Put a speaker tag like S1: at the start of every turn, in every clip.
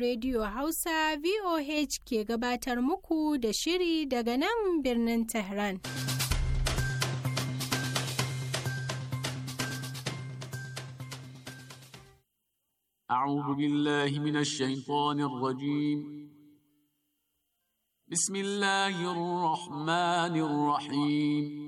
S1: Radiyo Hausa VOH ke gabatar muku da shiri daga nan birnin tehran
S2: A'a bugi Lahi min ashe in ko wani
S3: abu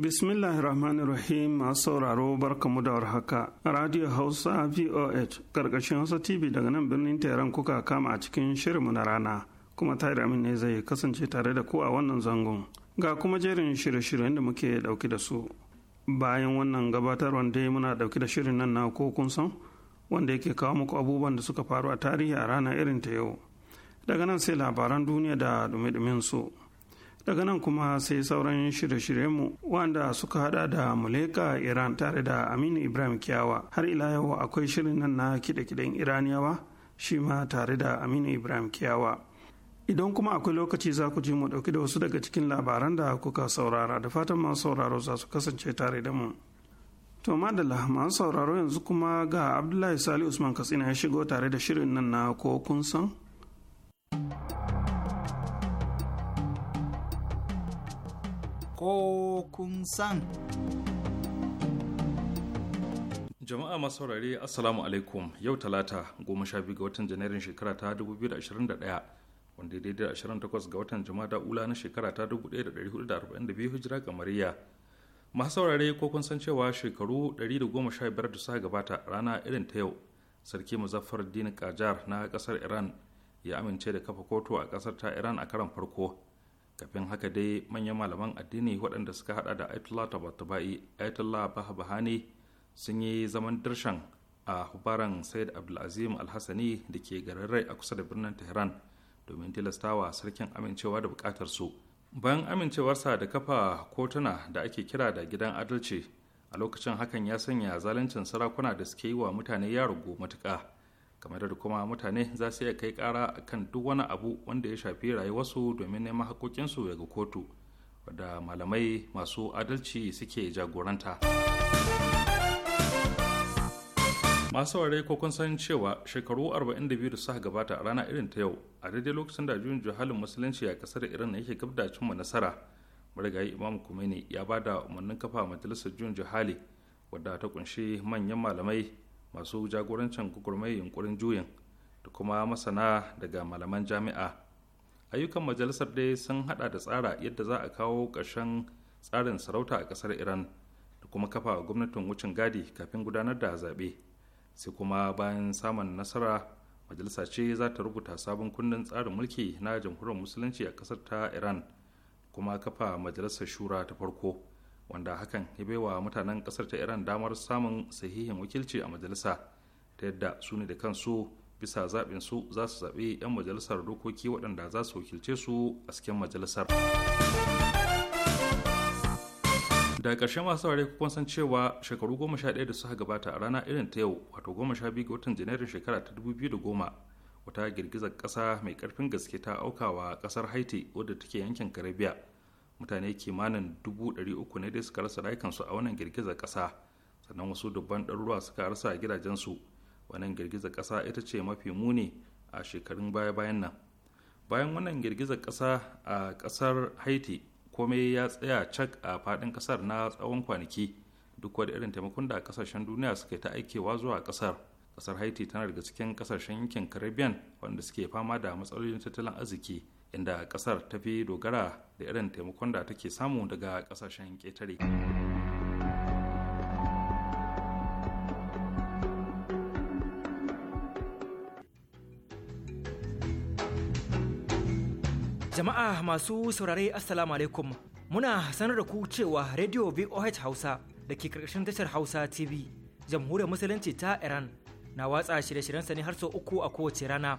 S3: Bismillah rahmanir rahim masu sauraro mu da warhaka. Radio Hausa VOH karkashin Hausa TV daga nan birnin Tehran kuka kama a cikin shirinmu na rana kuma tare amin ne zai kasance tare da ku a wannan zangon. Ga kuma jerin shirye-shiryen da muke dauki da su. Bayan wannan gabatarwan dai muna ɗauki da shirin nan na ko kun san wanda yake kawo muku abubuwan da suka faru a tarihi a rana irin ta yau. Daga nan sai labaran duniya da dumi-dumin su. daga nan kuma sai sauran shirye-shiryenmu wanda suka hada da muleka iran tare da aminu ibrahim kiyawa har ila yau akwai shirin nan na kide-kiden iraniyawa shi ma tare da aminu ibrahim kiyawa idan kuma akwai lokaci za ku ji mu dauki da wasu daga cikin labaran da kuka saurara da fatan masu sauraro za su kasance tare da mu to madalla masu sauraro yanzu kuma ga abdullahi sali usman katsina ya shigo tare da shirin nan na ko kun san
S2: ko kun san.
S4: Jama'a masu saurare Assalamu alaikum yau talata goma sha biyu ga watan janairun shekara ta 2021 wanda ya daidai 28 ga watan jama'a ula na shekara ta 1442 hijira ga Mariya. Masu saurare ko kun san cewa shekaru 115 da suka gabata rana irin ta yau sarki muzaffar din kajar na kasar iran ya amince da kafa kotu a kasar ta iran a karan farko kafin haka dai manyan malaman addini waɗanda suka hada da ayatollah tabatabai ayatollah bahabahani sun yi zaman darshan a hubaran said abdulazim alhassani da ke garin rai a kusa da birnin tehran domin tilastawa sarkin amincewa da bukatar su bayan amincewarsa da kafa kotuna da ake kira da gidan adalci a lokacin hakan ya sanya zaluncin sarakuna da suke yi wa mutane ya rugu matuka. kamar da kuma mutane za su iya kai kara kan duk wani abu wanda ya shafi rayuwarsu domin neman haƙoƙinsu daga kotu da malamai masu adalci suke jagoranta masu ware ko kun san cewa shekaru 42 da suka gabata a rana irin ta yau a daidai lokacin da juyin juhalin musulunci a kasar iran yake gabda cimma nasara marigayi imam kumeni ya ba da umarnin kafa majalisar juyin juhali wadda ta kunshi manyan malamai masu jagorancin gugurmai yunkurin juyin da kuma masana daga malaman jami'a ayyukan majalisar dai sun hada da tsara yadda za a kawo ƙarshen tsarin sarauta a ƙasar iran da kuma kafa gwamnatin wucin gadi kafin gudanar da zaɓe sai kuma bayan samun nasara majalisa ce za ta rubuta sabon kundin tsarin mulki na jamhuriyar musulunci a ƙasar ta iran kuma kafa majalisar shura ta farko wanda hakan ya bai wa mutanen kasar ta iran damar samun sahihin wakilci a majalisa ta yadda su ne da kansu bisa zaɓin su za su zaɓi 'yan majalisar dokoki waɗanda za su wakilce su a cikin majalisar da ƙarshen masu saurari kun san cewa shekaru goma sha ɗaya da suka gabata a rana irin ta yau wato goma sha biyu ga watan janairun shekara ta dubu biyu da goma wata girgizar ƙasa mai ƙarfin gaske ta auka wa ƙasar haiti wadda take yankin caribbean mutane kimanin dubu ɗari uku ne dai suka rasa rayukansu a wannan girgizar ƙasa sannan wasu dubban ɗaruruwa suka rasa gidajensu wannan girgizar ƙasa ita ce mafi muni a shekarun baya-bayan nan bayan wannan girgizar ƙasa a ƙasar haiti komai ya tsaya cak a faɗin ƙasar na tsawon kwanaki duk wani irin taimakon da ƙasashen duniya suka ta aikewa zuwa ƙasar ƙasar haiti tana daga cikin ƙasashen yankin caribbean wanda suke fama da matsalolin tattalin arziki inda kasar ta fi dogara da irin taimakon da take samu daga kasashen ƙetare.
S1: Jama'a masu saurare Assalamu alaikum muna sanar da ku cewa Radio VOH Hausa da ke karkashin tashar Hausa TV jamhuriyar musulunci ta Iran na watsa shirye-shiryensa ne har sau uku a kowace rana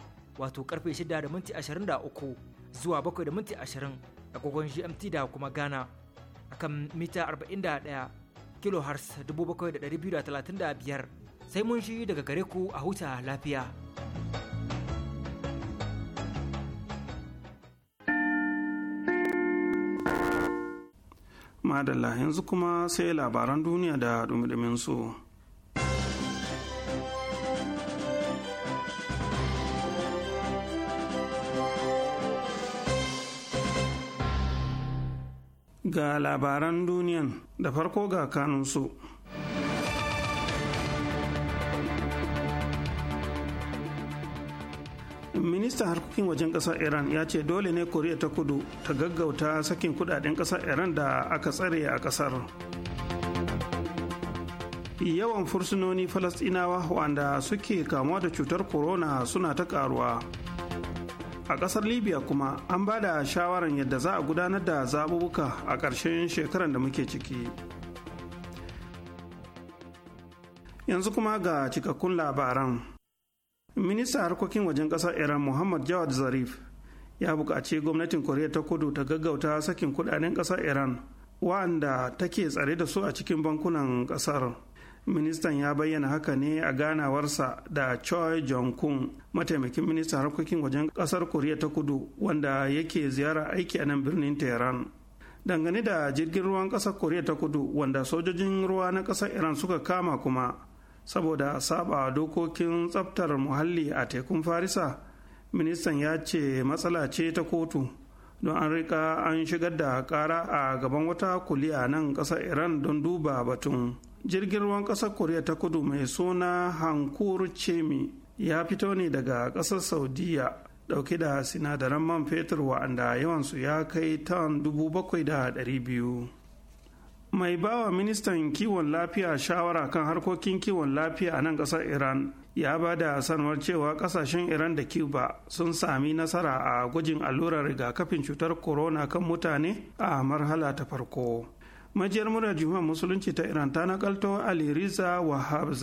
S1: wato karfe 6 da minti 23 zuwa 7 da minti 20 agogon GMT da kuma Ghana akan mita 41 kilohertz 7,235 sai mun shi daga gare ku a huta lafiya.
S3: Madalla yanzu kuma sai labaran duniya da dumi su. ga labaran duniyan da farko ga kanunsu. ministan harkokin wajen kasar iran ya ce dole ne koriya ta kudu ta gaggauta sakin kudaden kasar iran da aka tsare a kasar yawan fursunoni falastinawa wanda suke kamuwa da cutar corona suna ta karuwa a kasar libya kuma an ba da shawarar yadda za a gudanar da zabubuka a ƙarshen shekarar da muke ciki yanzu kuma ga cikakkun labaran minista harkokin wajen ƙasar iran muhammad jawad zarif ya buƙaci gwamnatin koriya ta kudu ta gaggauta sakin kudaden ƙasar iran wa'anda take tsare da su a cikin bankunan ƙasar ministan ya bayyana haka ne a ganawarsa da choi jong-kun mataimakin ministan harkokin wajen kasar koriya ta kudu wanda yake ziyara aiki a nan birnin tehran dangane da jirgin ruwan kasar koriya ta kudu wanda sojojin ruwa na kasar iran suka kama kuma saboda saba dokokin tsabtar muhalli a tekun farisa ministan ya ce matsala ce ta kotu don an rika an shigar da kara a gaban wata kuliya nan kasar iran don duba batun. jirgin ruwan ƙasar koriya ta kudu mai suna hankur chemi ya fito ne daga ƙasar saudiya ɗauke da sinadaran man fetur wa'anda yawansu ya kai tan biyu. mai bawa ministan kiwon lafiya shawara kan harkokin kiwon lafiya a nan ƙasar iran ya ba da sanwar cewa ƙasashen iran da cuba sun sami nasara a gwajin allurar rigakafin cutar corona kan mutane a marhala ta farko majiyar murar jihar musulunci ta iran ta nakalto ali riza wahab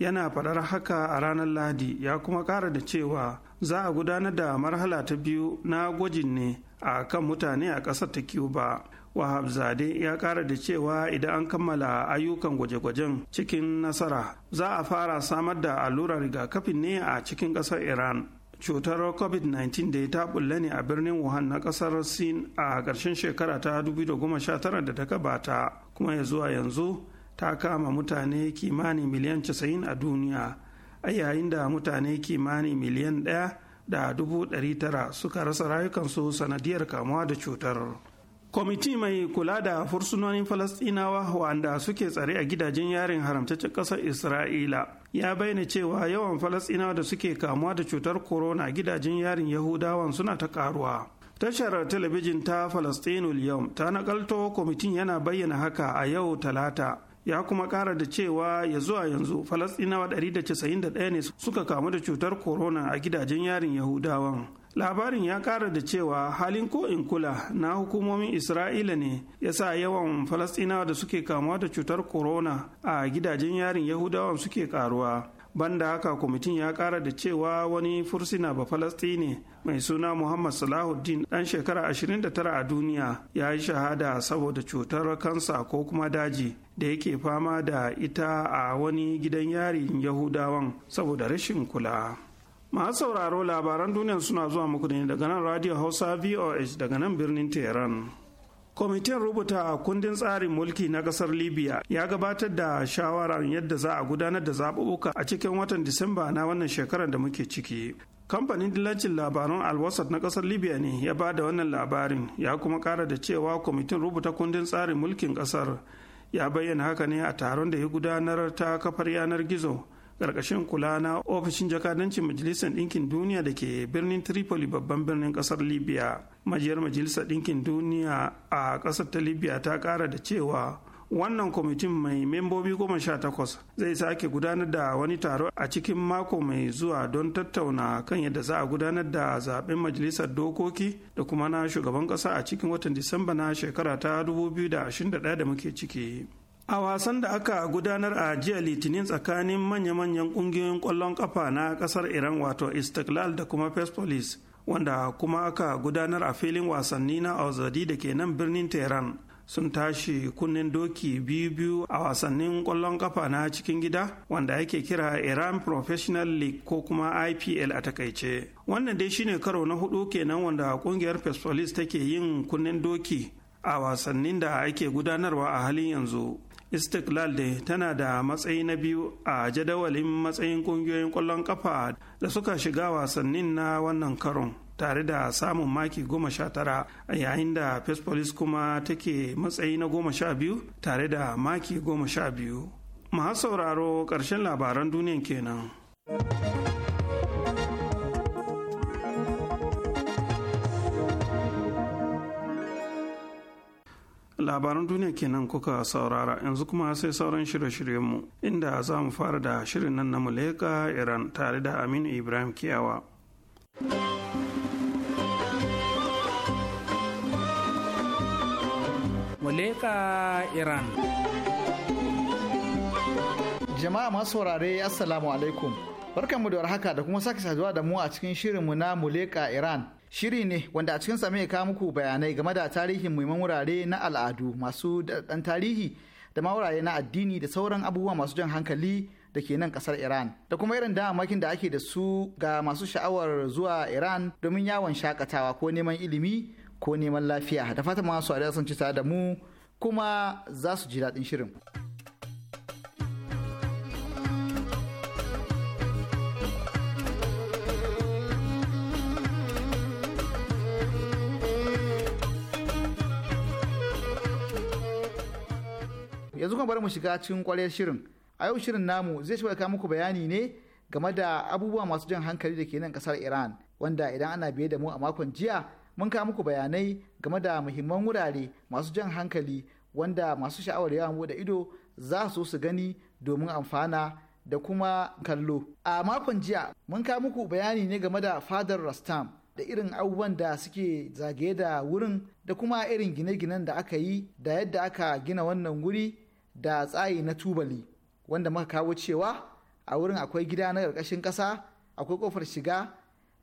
S3: yana faɗar haka a ranar lahadi ya kuma ƙara da cewa za a gudanar da marhala ta biyu na gwajin ne a kan mutane a ƙasar ta cuba wahab zade ya ƙara da cewa idan an kammala ayyukan gwaje-gwajen cikin nasara za a fara samar da allurar rigakafin ne a cikin ƙasar iran cutar covid-19 da ta bulle ne a birnin wuhan na ƙasar sin a ƙarshen shekara ta 2019 da ta gabata kuma ya zuwa yanzu ta kama mutane kimanin miliyan 90 a duniya a yayin da mutane kimani miliyan 1 da 900 suka rasa rayukansu sanadiyar kamuwa da cutar. kwamiti mai kula da fursunonin falastinawa wanda suke tsare a gidajen yarin haramtaccen ƙasar isra'ila ya bayyana cewa yawan falastinawa da suke kamuwa da cutar corona a gidajen yarin yahudawan suna ta karuwa tashar talabijin ta falastinul yau ta nakalto kwamitin yana bayyana haka a yau talata ya kuma kara da cewa ya zuwa yanzu da 191 ne suka kamu da cutar corona a gidajen yarin yahudawan labarin ya kara da cewa halin ko in kula na hukumomin isra'ila ne ya sa yawan Falastinawa da suke kamuwa da cutar corona a gidajen yarin yahudawan suke karuwa banda haka kwamitin ya kara da cewa wani fursuna ba falastini mai suna muhammad salahuddin dan shekara 29 a duniya ya yi shahada saboda cutar kansa ko kuma daji da yake fama da ita a wani gidan yarin yahudawan saboda rashin kula masu sauraro labaran duniya suna zuwa muku ne daga nan radio hausa voh daga nan birnin tehran kwamitin rubuta kundin tsarin mulki na kasar libya ya gabatar da shawarar yadda za a gudanar da zaɓuɓɓuka a cikin watan disamba na wannan shekarar da muke ciki kamfanin dillancin labaran alwasat na kasar libya ne ya ba da wannan labarin ya kuma kara da cewa kwamitin rubuta kundin tsarin mulkin kasar ya bayyana haka ne a taron da ya gudanar ta kafar yanar gizo ƙarƙashin kula na ofishin jakadancin majalisar ɗinkin duniya da ke birnin tripoli babban birnin ƙasar libya majiyar majalisar ɗinkin duniya a ƙasar ta libya ta ƙara da cewa wannan kwamitin mai membobi goma sha takwas zai sake gudanar da wani taro a cikin mako mai zuwa don tattauna kan yadda za a gudanar da zaben majalisar dokoki da kuma na shugaban kasa a cikin watan disamba na shekara ta 2021 da muke ciki a wasan da aka gudanar a jiya litinin tsakanin manya-manyan ƙungiyoyin kwallon kafa na kasar iran wato istiklal da kuma police wanda kuma aka gudanar a filin wasanni na auzadi da ke nan birnin tehran sun tashi kunnen doki biyu-biyu a wasannin ƙwallon kafa na cikin gida wanda ake kira Iran Professional League ko kuma IPL a takaice. Wannan dai shine karo na hudu kenan wanda ƙungiyar Persepolis take yin kunnen doki a wasannin da ake gudanarwa a halin yanzu. Istiklal dai tana da matsayi na biyu a jadawalin matsayin ƙungiyoyin kwallon kafa da suka shiga wasannin na wannan karon. tare da samun maki goma sha tara a yayin da Police kuma take matsayi na goma sha biyu tare da maki goma sha biyu. Masu sauraro ƙarshen labaran duniyan kenan. labaran duniya kenan kuka saurara yanzu kuma sai sauran shirye-shiryenmu inda za mu fara da shirin nan na muleka iran tare da aminu ibrahim kiyawa.
S2: muleka iran jama'a masu saurare assalamu alaikum barkan mu da warhaka da kuma sake saduwa da mu a cikin mu na muleka iran shiri ne wanda a cikin mai kawo muku bayanai game da tarihin muhimman wurare na al'adu masu dan tarihi da ma wurare na addini da sauran abubuwa masu jan hankali da ke nan kasar Iran da kuma irin damamakin da ake da su ga masu sha'awar zuwa Iran domin yawon shakatawa ko neman ilimi ko neman lafiya da fata masu a sun ci tare da mu kuma za su ji daɗin shirin. yanzu kuma bari mu shiga cikin kwarar shirin a yau shirin namu zai shiga muku bayani ne game da abubuwa masu jan hankali da ke nan kasar iran wanda idan ana biye da mu a makon jiya mun kawo muku bayanai game da muhimman wurare masu jan hankali wanda masu sha'awar yawon bude ido za su su gani domin amfana da kuma kallo. A makon jiya mun kawo muku bayani ne game da fadar Rastam da irin abubuwan da suke zagaye da wurin da kuma irin gine-ginen da aka yi da yadda aka gina wannan wuri da tsayi na tubali wanda muka kawo cewa a wurin akwai gida na ƙarƙashin ƙasa akwai ƙofar shiga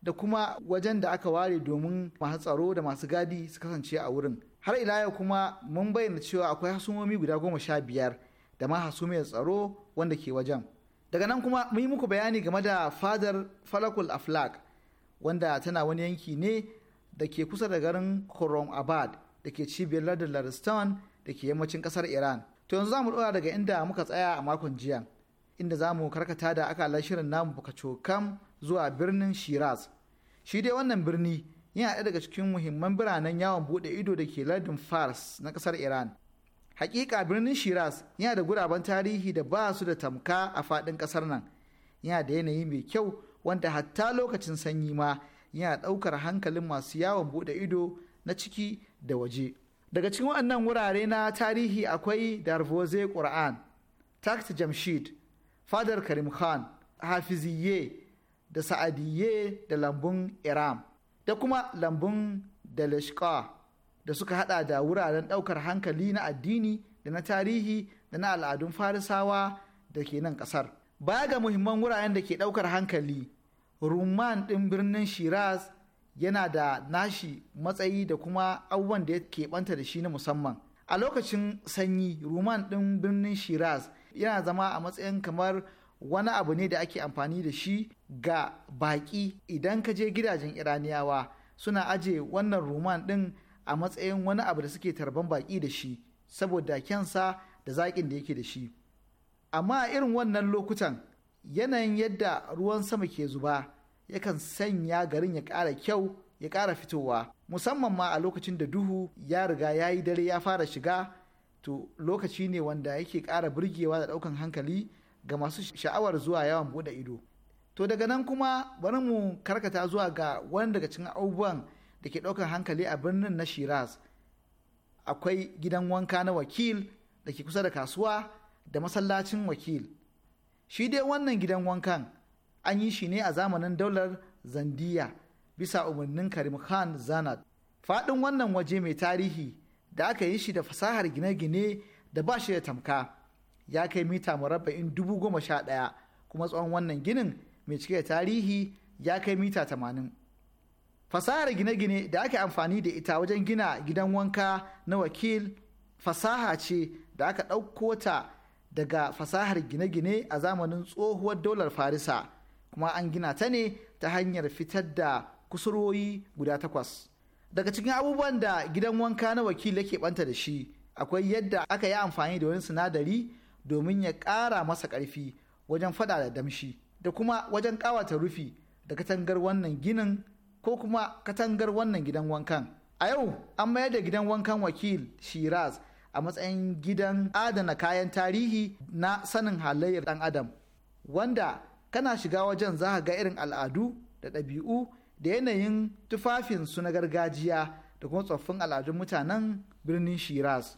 S2: da kuma wajen da aka ware domin masu tsaro da masu gadi su kasance a wurin har ila yau kuma mun bayyana cewa akwai hasumomi guda goma sha biyar da ma hasumiyar tsaro wanda ke wajen daga nan kuma mun yi muku bayani game da fadar falakul aflak wanda tana wani yanki ne da ke kusa da garin khorram abad da ke cibiyar lardin laristan da ke yammacin kasar iran to yanzu za mu ɗora daga inda muka tsaya a makon jiya inda za mu karkata da aka shirin namu bukaco cokam. zuwa birnin Shiraz. Shi dai wannan birni yana ɗaya daga cikin muhimman biranen yawon buɗe ido da ke lardin Fars na ƙasar Iran. Hakika birnin Shiraz yana da guraben tarihi da ba su da tamka a faɗin ƙasar nan. Yana da yanayi mai kyau wanda hatta lokacin sanyi ma yana ɗaukar hankalin masu yawon buɗe ido na ciki da waje. Daga cikin waɗannan wurare na tarihi akwai Darvoze Qur'an, Takht Jamshid, Fadar Karim Khan, Hafiziyye, da sa'adiyye da lambun iram da kuma lambun dalashka da suka hada da wuraren daukar hankali na addini da na tarihi da na al'adun farisawa da ke nan kasar baya ga muhimman wuraren da ke daukar hankali rumman din birnin shiraz yana da nashi matsayi da kuma abubuwan da ya keɓanta da shi na musamman a lokacin sanyi rumman din birnin shiraz yana zama a matsayin kamar wani abu ne da ake amfani da shi ga baƙi idan ka je gidajen iraniyawa suna aje wannan roman din a matsayin wani abu da suke tarban baƙi da shi saboda kyansa da zaƙin da yake da shi amma a irin wannan lokutan yanayin yadda ruwan sama ke zuba yakan sanya garin ya ƙara kyau ya ƙara fitowa musamman ma a lokacin da duhu ya riga ya yi dare ya fara shiga to lokaci ne wanda yake ƙara burgewa da ɗaukan hankali ga masu sha'awar zuwa yawon bude ido to daga nan kuma bari mu karkata zuwa ga wani daga cikin abubuwan da ke ɗaukar hankali a birnin na shiraz akwai gidan wanka na wakil da ke kusa da kasuwa da masallacin wakil shi dai wannan gidan wankan an yi shi ne a zamanin daular zandiya bisa umarnin karim khan zanat faɗin wannan waje mai tarihi da aka yi shi da fasahar gine-gine da ba shi da tamka ya kai mita murabba'in dubu goma sha ɗaya kuma tsawon wannan ginin mai cike da tarihi ya kai mita tamanin. Fasahar gine-gine da ake amfani da ita wajen gina gidan wanka na wakil fasaha ce da aka ɗauko ta daga fasahar gine-gine a zamanin tsohuwar daular Farisa kuma an gina ta ne ta hanyar fitar da kusurwoyi guda takwas. Daga cikin abubuwan da gidan wanka na wakil yake ɓanta da shi akwai yadda aka yi amfani da wani sinadari domin ya ƙara masa ƙarfi wajen faɗa da damshi da kuma wajen ƙawata rufi da katangar wannan ginin ko kuma katangar wannan gidan wankan. A yau an mayar da gidan wankan wakil Shiraz a matsayin gidan adana kayan tarihi na sanin halayyar ɗan adam wanda kana shiga wajen za ga irin al'adu da ɗabi'u da yanayin tufafinsu na gargajiya da kuma tsoffin al'adun mutanen birnin Shiraz.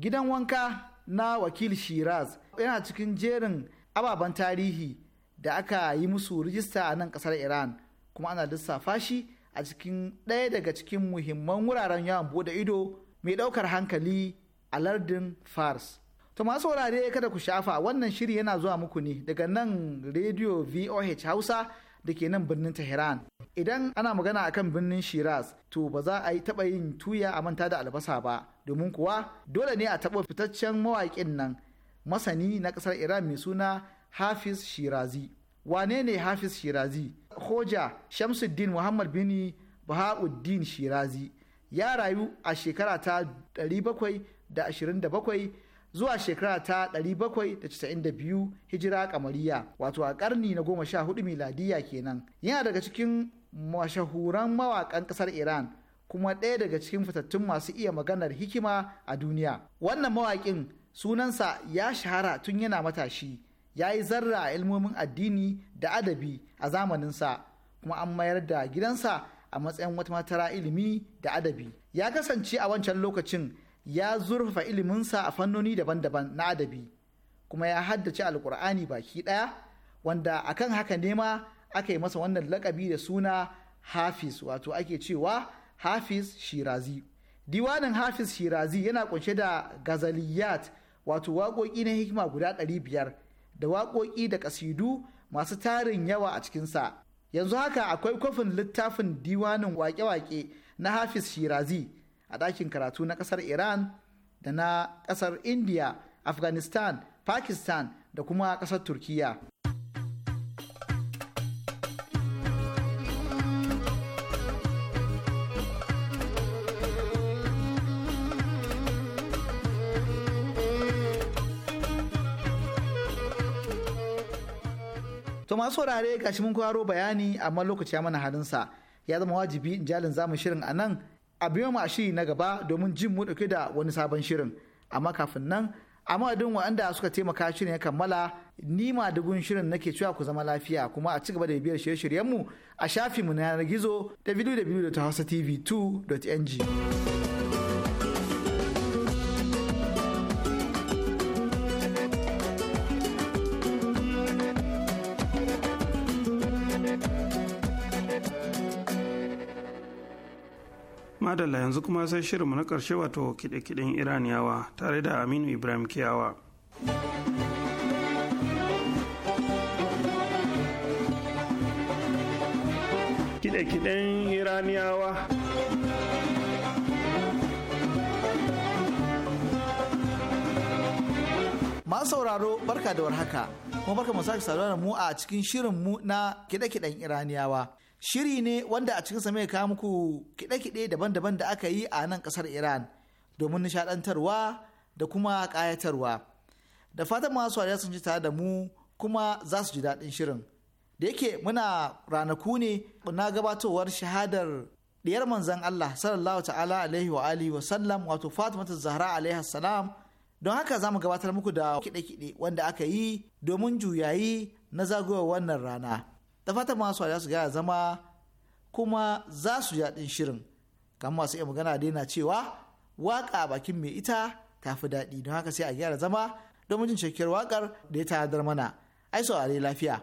S2: Gidan wanka na wakil shiraz yana cikin jerin ababen tarihi da aka yi musu rijista a nan kasar iran kuma ana lissafa shi a cikin ɗaya daga cikin muhimman wuraren yawon bude ido mai ɗaukar hankali a lardin fars to masu wurare kada ku shafa wannan shiri yana zuwa muku ne daga nan rediyo voh hausa da ke nan birnin Tehran. Idan ana magana a kan birnin Shiraz to ba za a yi taɓa yin tuya a manta da albasa ba domin kuwa dole ne a taɓa fitaccen mawaƙin nan masani na ƙasar Iran mai suna Hafiz Shirazi. Wane ne Hafiz Shirazi? Hoja Shamsuddin Muhammad bini Bahauddin Shirazi ya rayu a shekara ta 727 zuwa shekara ta 792 hijira kamariya wato a karni na 14 miladiya kenan yana daga cikin mashahuran mawakan kasar iran kuma ɗaya daga cikin fitattun masu iya maganar hikima a duniya wannan mawakin sunansa ya shahara tun yana matashi ya yi zarra a ilmomin addini da adabi a zamaninsa kuma an mayar da gidansa a matsayin wata matara ilimi da adabi ya kasance a wancan lokacin ya zurfafa iliminsa a fannoni daban-daban na adabi kuma ya haddace alkur'ani baki ɗaya wanda akan haka nema aka yi masa wannan lakabi da suna hafiz wato ake cewa hafiz shirazi diwanin hafiz shirazi yana kunshe da gazaliyat wato waƙoƙi na hikima guda ɗari biyar da waƙoƙi da ƙasidu masu tarin yawa a cikinsa yanzu haka akwai kwafin littafin diwanin wake-wake na hafiz shirazi a dakin karatu na ƙasar iran da na ƙasar india afghanistan pakistan da kuma ƙasar turkiya To masu saurare gashi mun kwaro bayani amma lokaci ya mana halinsa ya zama wajibi in jalin zamu shirin a nan a biyo mu a shiri na gaba domin jin mu dauke da wani sabon shirin amma kafin nan a madadin waɗanda suka taimaka shirin ya kammala ni ma dugun shirin nake cewa ku zama lafiya kuma a cigaba da biyar shirye-shiryenmu a mu na yanar gizo www.hausatv2.ng.
S3: madalla yanzu kuma sai shirinmu na ƙarshe wato kiɗe-kiɗen iraniyawa tare da aminu ibrahim kiyawa kiɗe-kiɗen iraniyawa
S2: masu sauraro barka da warhaka kuma barka mu sake saduwa mu a cikin shirinmu na kiɗe-kiɗen iraniyawa shiri ne wanda a cikinsa mai kawo muku kiɗe-kiɗe daban-daban da aka yi a nan kasar iran domin nishaɗantarwa da kuma kayatarwa da fatan masu wariya sun ji tare da mu kuma za su ji daɗin shirin da yake muna ranaku ne na gabatowar shahadar ɗiyar manzan Allah sallallahu ta'ala alaihi wa alihi wa sallam wato Fatimatu Zahra alaihi salam don haka zamu gabatar muku da kiɗe-kiɗe wanda aka yi domin juyayi na zagayowar wannan rana. da fatan masu za su gaya zama kuma za su ji daɗin shirin kamar masu iya magana daina cewa waƙa a bakin mai ita ta fi daɗi don haka sai a gyara zama don jin cikakkiyar waƙar da ya tayar mana ai saurare lafiya.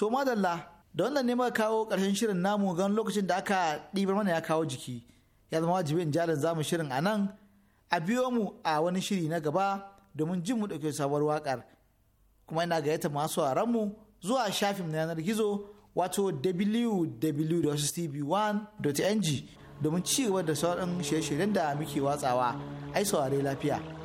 S2: to madalla da wannan ne muka kawo ƙarshen shirin namu gan lokacin da aka ɗibar mana ya kawo jiki ya zama wajibin jalin zamu shirin a nan a biyo mu a wani shiri na gaba domin jin mu ɗauke sabuwar waƙar kuma ina gayyata masu mu zuwa shafin na yanar gizo wato www.tv1.ng domin ci gaba da sauran shirye-shiryen da muke watsawa ai saurare lafiya.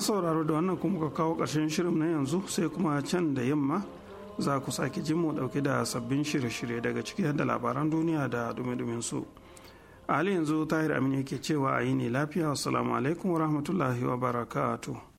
S3: masu sauraro da wannan kuma ka kawo ƙarshen shirin na yanzu sai kuma can da yamma za ku sake jin mu ɗauke da sabbin shirye-shirye daga ciki da labaran duniya da dumi-dumin su a halin yanzu tahir amin yake cewa a yi ne lafiya assalamu alaikum wa rahmatullahi wa barakatuh